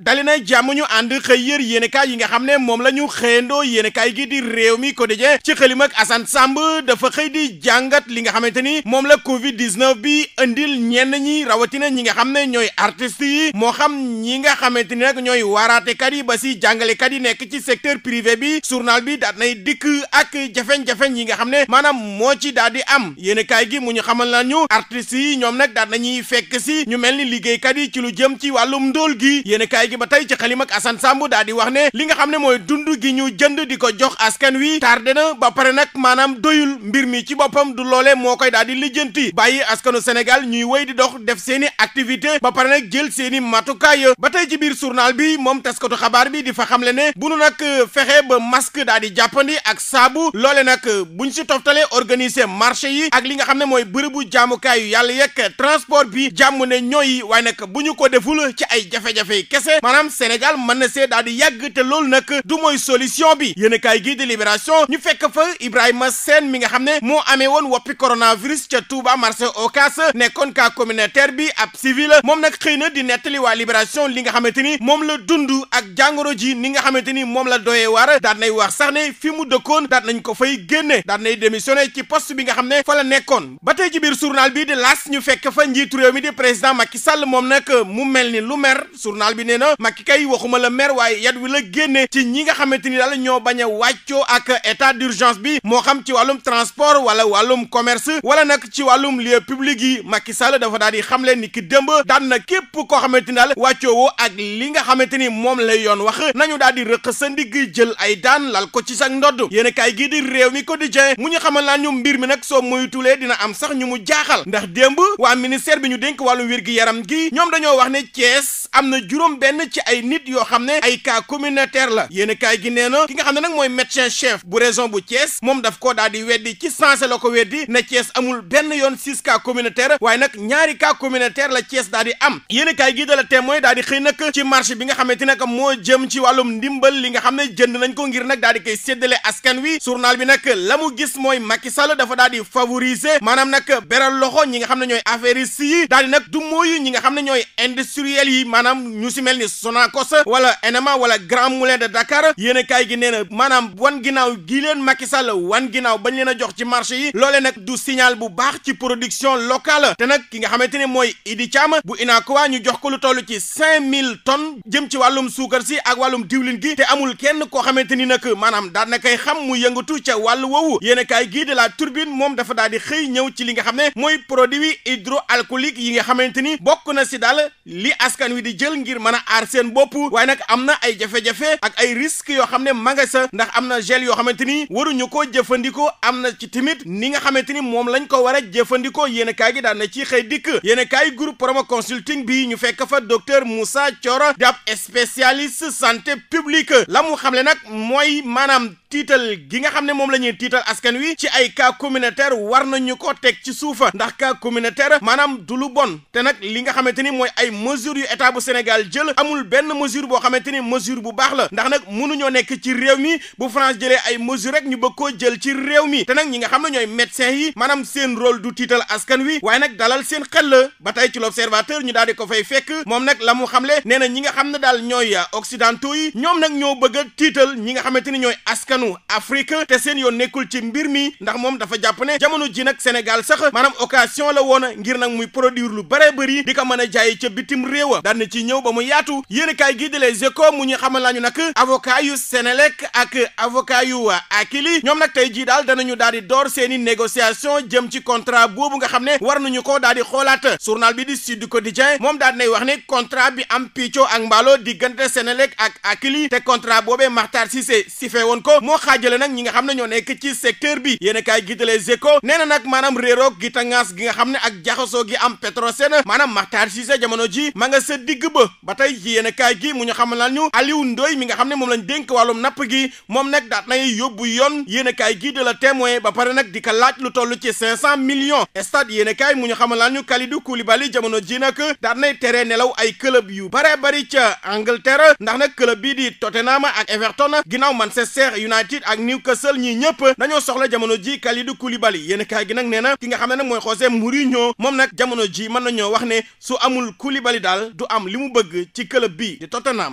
dali na jàmm ñu ànd xëy yër yéenekaay yi nga xam ne moom la ñu xëyandoo yéenekaay gi di réew mi quotidien ci xëlim ak Assane Samb dafa xëy di jàngat li nga xamante ni moom la Covid 19 bi indil ñenn ñi rawatina ñi nga xam ne ñooy artistes yi moo xam ñi nga xamante ni nag ñooy waaraatekat yi ba si kat yi nekk ci secteur privé bi journal bi daat nay dikk ak jafeñ jafe yi nga xam ne maanaam moo ci daal di am yéenekaay gi mu ñu xamal la ñu artistes yi ñoom nag daat nañuy fekk si ñu mel ni liggéeykat yi ci lu jëm ci wàllum ndóol gi yéenekaay gi ba tey ci xalim ak Assane Samb di wax ne li nga xam ne mooy dund gi ñu jënd di ko jox askan wi tardé na ba pare nag maanaam doyul mbir mi ci boppam du loole moo koy daal di lijjanti bàyyi askanu Sénégal ñuy wéy di dox def seeni activité ba pare nag jël seeni matukaay ba tey ci biir journal bi moom taskatu xabaar bi di fa xamle ne bu nu nag fexe ba masque daa di jàppandi ak saabu loole nag ñu si toftalee organiser marché yi ak li nga xam ne mooy bërëbu jaamukaayu yàlla yekk transport bi jàmm ne ñooy waaye bu ñu ko deful ci ay jafe kese maanaam Sénégal mën na see daal di yàgg te loolu nag du mooy solution bi yéen a kaay gii di libération ñu fekk fa Ibrahima Sène mi nga xam ne moo amee woon woppi coronavirus ca Touba marché Ocass nekkoon cas communautaire bi ab civil moom nag xëy na di nettali waa libération li nga xamante ni moom la dund ak jàngoro ji ni nga xamante ni moom la doyee waar daan nay wax sax ne fi mu dëkkoon daan nañ ko fay génne daan nay démissionné ci post bi nga xam ne fa la nekkoon ba tey ci biir bi di las fekk fa njiitu réew mi di président Macky moom nag mu mel ni lu mer na Macky kay waxuma la mer waaye yat wi la génne ci ñi nga xamante ni daal ñoo bañ a wàccoo ak état d'urgence bi moo xam ci wàllum transport wala wàllum commerce wala nag ci wàllum lieu public yi Macky Sall dafa daal di xamle ni ki dëmb daan na képp koo xamante ni daal wàccoowoo ak li nga xamante ni moom lay yoon wax nañu daal di rëq sa ndigg jël ay daan lal ko ci sa ndodd yéen kaay gii di réew mi quotidien mu ñu xamal naa ñu mbir mi nag soo moytuwulee dina am sax ñu mu jaaxal ndax démb waa ministère bi ñu dénk wàllum wér gi yaram gi ñoom dañoo wax ne Thiès am na juróom benn lenn ci ay nit yoo xam ne ay cas communautaire la yéen a kaay gi nee ki nga xam ne nag mooy médecin chef bu région bu Thiès moom daf koo daal di weddi ci sensé la ko weddi na Thiès amul benn yoon six cas communautaire waaye nag ñaari cas communautaire la Thiès daal am yéen a kaay gi da la témoin daal di xëy nag ci marché bi nga xamante ne moo jëm ci wàllum ndimbal li nga xam ne jënd nañ ko ngir nag daal di koy séddale askan wi journal bi nag la mu gis mooy Macky Sall dafa daal di favoriser maanaam nag beral loxo ñi nga xam ne ñooy affairiste yi daal di nag du mooyu nga xam ne ñooy industriel yi maanaam ñu si ni Sonacos wala NMA wala Grand Moulin de Dakar yéen kaay gi nee na maanaam wan ginnaaw gii leen Macky Sall wan ginnaaw bañ leen a jox ci marché yi loole nag du signal bu baax ci production locale te nag ki nga xamante ne mooy Idi Thiam bu waa ñu jox ko lu toll ci cinq mille tonnes jëm ci wàllum suukar si ak wàllum diwlin gi te amul kenn koo xamante ni nag maanaam daanakay xam mu yëngatu ca wàll woowu yéen kaay gii de la turbine moom dafa daal di xëy ñëw ci li nga xam ne mooy produit hydroalcoolique yi nga xamante ni bokk na si daal li askan wi di jël ngir aar bopp waaye nag am na ay jafe-jafe ak ay risques yoo xam ne ma ndax am na gel yoo xamante ni waruñu ko jëfandikoo am na ci tamit ni nga xamante ni moom lañ ko war a jëfandikoo yéen gi daan na ci xëy dikk yéen kaay groupe promo consulting bi ñu fekk fa docteur Moussa Thioro di ab spécialiste santé publique la xam xamle nag mooy maanaam tiital gi nga xam ne moom la ñuy tiital askan wi ci ay cas communautaire war ñu ko teg ci suufa ndax cas communautaire maanaam dulu lu bon te nag li nga xamante ni mooy ay mesures yu état bu Sénégal jël amul benn mesure boo xamante ni mesure bu baax la ndax nag mënuñoo nekk ci réew mi bu France jëlee ay mesure rek ñu bëgg koo jël ci réew mi te nag ñi nga xam na ñooy médecins yi maanaam seen rôle du tiital askan wi waaye nag dalal seen xel la ba tey ci l'observateur ñu daal di ko fay fekk moom nag la mu xamle nee na ñi nga xam ne daal ñooy occidentaux yi ñoom nag ñoo bëgg tiital ñi nga xamante ni ñooy askanu Afrique te seen yoon nekkul ci mbir mi ndax moom dafa jàpp ne jamono ji Sénégal sax maanaam occasion la woon ngir nag muy produire lu bare bëri di ko mën a jaay ca bitim réew daan na ci ñëw ba mu yaatu saytu yéen kaay gi di Les Échos mu ñu xamal laa ñu nag avocat yu Senelec ak avocat Akili ñoom nag tey jii daal danañu daal di door seen i négociation jëm ci contrat boobu nga xam ne war nañu ko daal di xoolaat journal bi di Sud Quotidien moom daal dinay wax ne contrat bi am picco ak mbaalo diggante Senelec ak Akili te contrat boobee Makhtar Cissé si fee woon ko moo xaajale nag ñi nga xam ne ñoo nekk ci secteur bi yéen kaay gi di Les Échos nee na nag maanaam réeroog gi tangaas gi nga xam ne ak jaxasoo gi am Petrosen maanaam Makhtar Cissé jamono ji ma nga ci yéen a kaay gi mu ñu xamal naan ñu Aliou Ndoye mi nga xam ne moom lañ dénk wàllum napp gi moom nag daat nay yóbbu yoon yéen a kaay gi de la ba pare nag di ka laaj lu toll ci cinq cent millions stade yéen a kaay mu ñu xamal naan ñu Kalidou Koulibaly jamono ji nag daat nay tere nelaw ay club yu bare bari ca Angleterre ndax nag club bii di Tottenham ak Everton ginnaaw Manchester United ak Newcastle ñi ñëpp dañoo soxla jamono ji Kalidou Koulibaly yéen a kaay gi nee na ki nga xam ne nag mooy José Mourinho moom nag jamono ji mën nañoo wax ne su amul Koulibaly daal du am li mu bëgg club bii di Tottenham